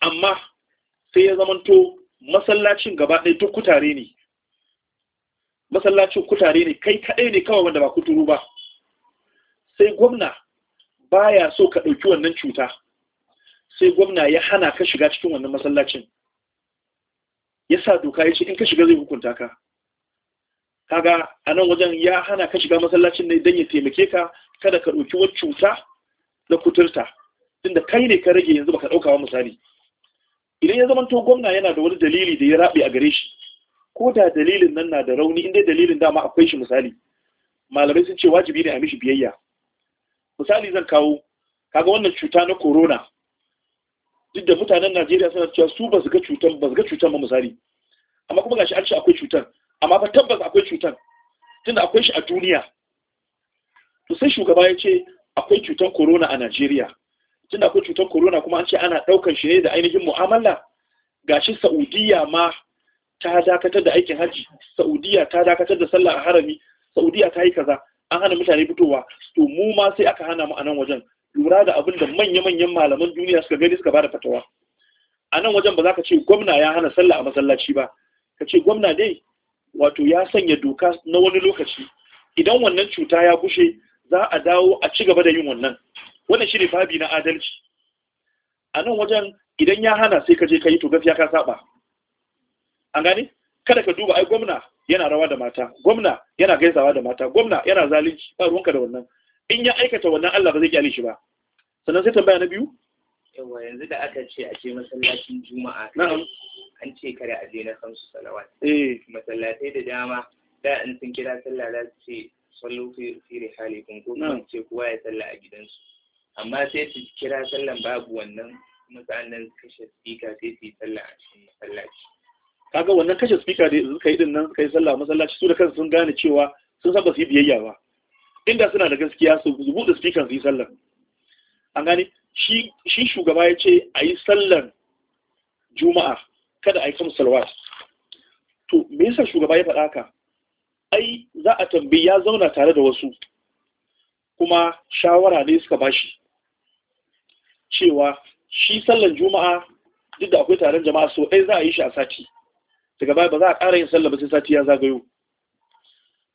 amma sai ya zamanto masallacin gaba ɗaya duk kutare ne masallacin kutare ne kai kaɗai ne kawai wanda ba kuturu ba sai gwamna baya so ka ɗauki wannan cuta sai gwamna ya hana ka shiga cikin wannan masallacin ya sa doka ya ce in ka shiga zai hukunta ka kaga a nan wajen ya hana ka shiga masallacin ne don ya taimake ka kada ka ɗauki wani cuta da kuturta tunda kai ne ka rage yanzu baka ɗaukawa misali idan ya zamanto gwamna yana da wani dalili da ya raɓe a gare shi ko da dalilin nan na da rauni inda dalilin dama akwai shi misali malamai sun ce wajibi ne a mishi biyayya misali zan kawo kaga wannan cuta na corona duk da mutanen Najeriya suna cewa su ba su ga cutan ba su ga cutan ba misali amma kuma gashi an ce akwai cutar amma ba tabbas akwai cutar tunda akwai shi a duniya to sai shugaba ya ce akwai cutar corona a Najeriya tunda akwai cutar corona kuma an ce ana ɗaukan shi ne da ainihin mu'amala gashi Saudiya ma ta dakatar da aikin haji Saudiya ta dakatar da sallah a harami Saudiya ta yi kaza an hana mutane fitowa to mu ma sai aka hana mu a nan wajen lura da abin da manya-manyan malaman duniya suka gani suka bada fatawa a nan wajen ba za ka ce gwamna ya hana sallah a masallaci ba ka ce gwamna dai wato ya sanya doka na wani lokaci idan wannan cuta ya gushe za a dawo a ci gaba da yin wannan wannan shi ne babi na adalci a nan wajen idan ya hana sai ka je ka yi to gafiya ka saba an gane kada ka duba ai gwamna yana rawa da mata gwamna yana gaisawa da mata gwamna yana zalunci ba ruwanka da wannan in ya aikata wannan Allah ba zai kyale shi ba sannan sai tambaya na biyu yawa yanzu da aka ce a ce masallacin juma'a na'am an ce kada a je na salawa. salawat eh. masallatai da dama da in sun kira sallah za su ce sallu fi kun ko kuma ce kowa ya sallah a gidansu amma sai su kira sallan babu wannan kuma kashe spika sai su yi sallah a cikin masallaci kaga wannan kashe spika da suka yi din nan suka yi sallah a masallaci su da kansu sun gane cewa sun san su yi biyayya ba inda suna da gaskiya su buɗe spika su yi sallah an gane shi shugaba ya ce a yi sallan juma'a kada a yi kan salawat to me yasa shugaba ya faɗa ka ai za a tambayi ya zauna tare da wasu kuma shawara ne suka bashi cewa shi sallan juma'a duk da akwai taron jama'a so ɗaya za a yi shi a sati daga baya ba za a ƙara yin sallah ba sai sati ya zagayo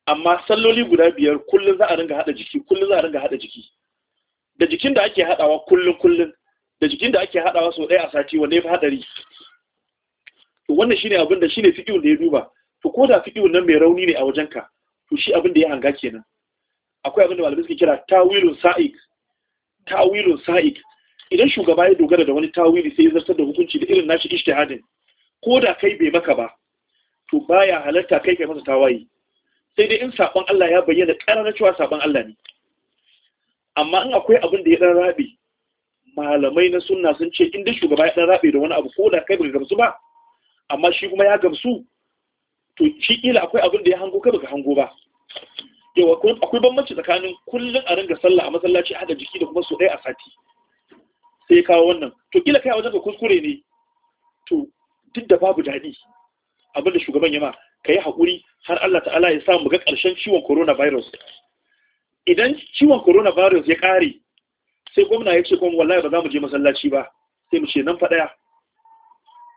amma salloli guda biyar kullum za a ringa haɗa jiki kullum za a ringa haɗa jiki da jikin da ake haɗawa kullum kullum da jikin da ake haɗawa so ɗaya a sati wanda ya fi haɗari to wannan shine abin da shine fiqhun da ya duba to ko da fiqhun nan mai rauni ne a ka, to shi abin da ya hanga kenan akwai abin da malamai suke kira tawilun sa'ik tawilun sa'ik idan shugaba ya dogara da wani tawili sai ya zartar da hukunci da irin nashi ijtihadin ko da kai bai maka ba to baya halarta kai kai masa tawayi sai dai in saban Allah ya bayyana na cewa saban Allah ne amma in akwai abin da ya dan rabe malamai na sunna sun ce "Inda shugaba ya dan rabe da wani abu ko da kai bai gamsu ba amma shi kuma ya gamsu to shi kila akwai abin da ya hango ka baka hango ba yawa akwai bambanci tsakanin kullun a ringa sallah a masallaci hada jiki da kuma so ɗaya a sati sai kawo wannan to kila kai a wajen ka kuskure ne to duk da babu daɗi abin da shugaban yama ka yi hakuri har Allah ta'ala ya sa mu ga ƙarshen ciwon coronavirus idan ciwon coronavirus ya ƙare sai gwamna ya ce kuma wallahi ba za mu je masallaci ba sai mu ce nan fa ɗaya.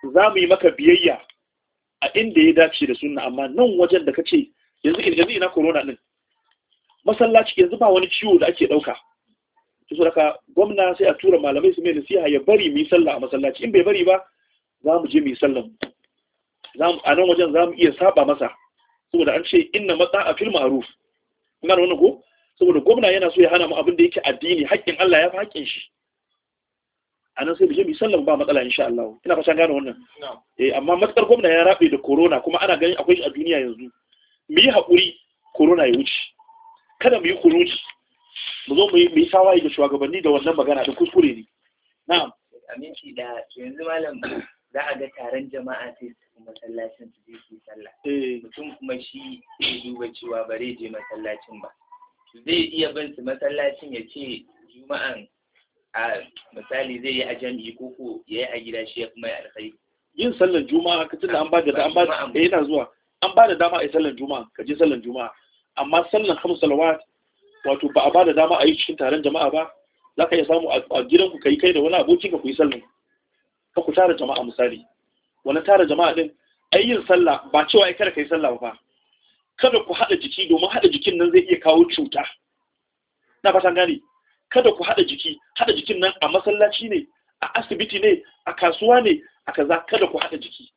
za mu yi maka biyayya a inda ya dace da sunna amma nan wajen da ka ce yanzu yanzu ina corona din masallaci yanzu ba wani ciwo da ake dauka to so daga gwamna sai a tura malamai su mai nasiha ya bari mu yi sallah a masallaci in bai bari ba za mu je mu yi sallah a nan wajen za mu iya saba masa saboda an ce inna matsa a fil ma'ruf kuma da wannan ko saboda gwamna yana so ya hana mu abin da yake addini haƙƙin Allah ya fi haƙƙin shi a nan sai mu je mu sallan ba matsala insha Allah ina fatan gane wannan eh amma matsar gwamna ya rabe da corona kuma ana ganin akwai shi a duniya yanzu mu yi haƙuri corona ya wuce kada mu yi kuruci mu zo mu yi tawaye da shugabanni da wannan magana da kuskure ne na'am aminci da yanzu malam za a ga taron jama'a sai su masallacin su je su sallah eh. mutum kuma shi zai duba cewa ba zai je masallacin ba zai iya bin su masallacin ya ce juma'an a misali zai yi a jami'i ko ko ya yi a gida shi ya kuma yi alkhairi yin sallar juma'a ka tunda an ba da an ba da eh, yana zuwa an ba da dama a yi sallar juma'a ka je sallar juma'a amma sallar kamar salawat wato ba a ba da dama a yi cikin taron jama'a ba za ka iya samu a ku, ka yi kai da wani abokin ka ku yi sallar ka ku tara jama'a misali wani tara jama'a din ai yin sallah ba cewa ai kada ka yi sallah ba kada ku haɗa jiki domin haɗa jikin nan zai iya kawo cuta na fatan gani kada ku haɗa jiki haɗa jikin nan a masallaci ne a asibiti ne a kasuwa ne a kaza kada ku haɗa jiki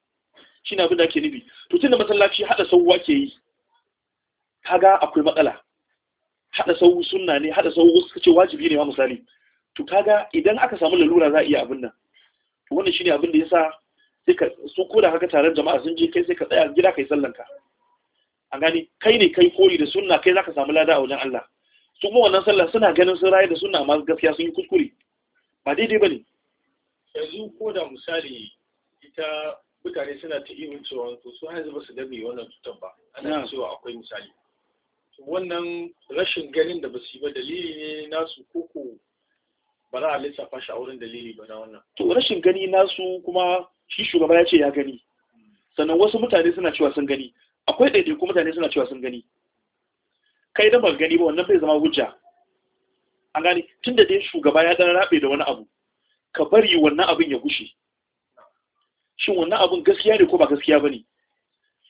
shi na abin da ake nufi to tunda masallaci haɗa sauwa ke yi kaga akwai matsala haɗa sau sunna ne haɗa sau suka ce wajibi ne ma misali to kaga idan aka samu lalura za a iya abin nan to wannan shine abin da yasa sai ka su ko da haka taron jama'a sun je kai sai ka tsaya gida kai sallanka an gani kai ne kai koyi da sunna kai zaka samu lada a wajen Allah su kuma wannan sallar suna ganin sun rayu da suna masu gaskiya sun yi kuskure ba daidai ba ne yanzu ko da misali ita mutane suna ta iya cewa to su hanzu ba su dabe wannan cutar ba ana cewa akwai misali wannan rashin ganin da ba su yi ba dalili ne nasu koko ba za a lissafa shi a wurin dalili ba na wannan to rashin gani nasu kuma shi shugaba ya ce ya gani hmm. sannan wasu mutane suna cewa sun gani akwai ɗaiɗaiku mutane suna cewa sun gani kai da baka gani ba wannan bai zama hujja an gane tun da dai shugaba ya dan rabe da wani abu ka bari wannan abin ya gushe shin wannan abin gaskiya ne ko ba gaskiya bane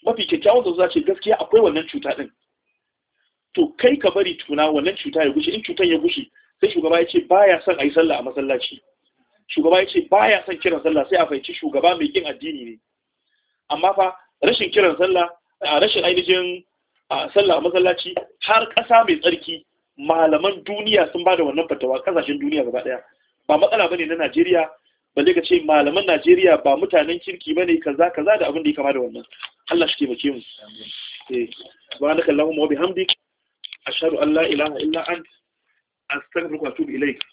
mafi kyakkyawan zuwa ce gaskiya akwai wannan cuta din to kai ka bari tuna wannan cuta ya gushe in cutan ya gushe sai shugaba ya ce baya son a yi sallah a masallaci shugaba ya ce baya son kiran sallah sai a fahimci shugaba mai kin addini ne amma fa rashin kiran sallah a rashin ainihin a sallah masallaci har ƙasa mai tsarki malaman duniya sun bada wannan fatawa ƙasashen duniya gaba ɗaya ba matsala bane na Najeriya ba ka ce malaman Najeriya ba mutanen kirki bane kaza kaza da abin da ya kama da wannan Allah shi taimake mu eh subhanakallahumma wa bihamdik ashhadu an la ilaha illa anta astaghfiruka wa atubu ilaik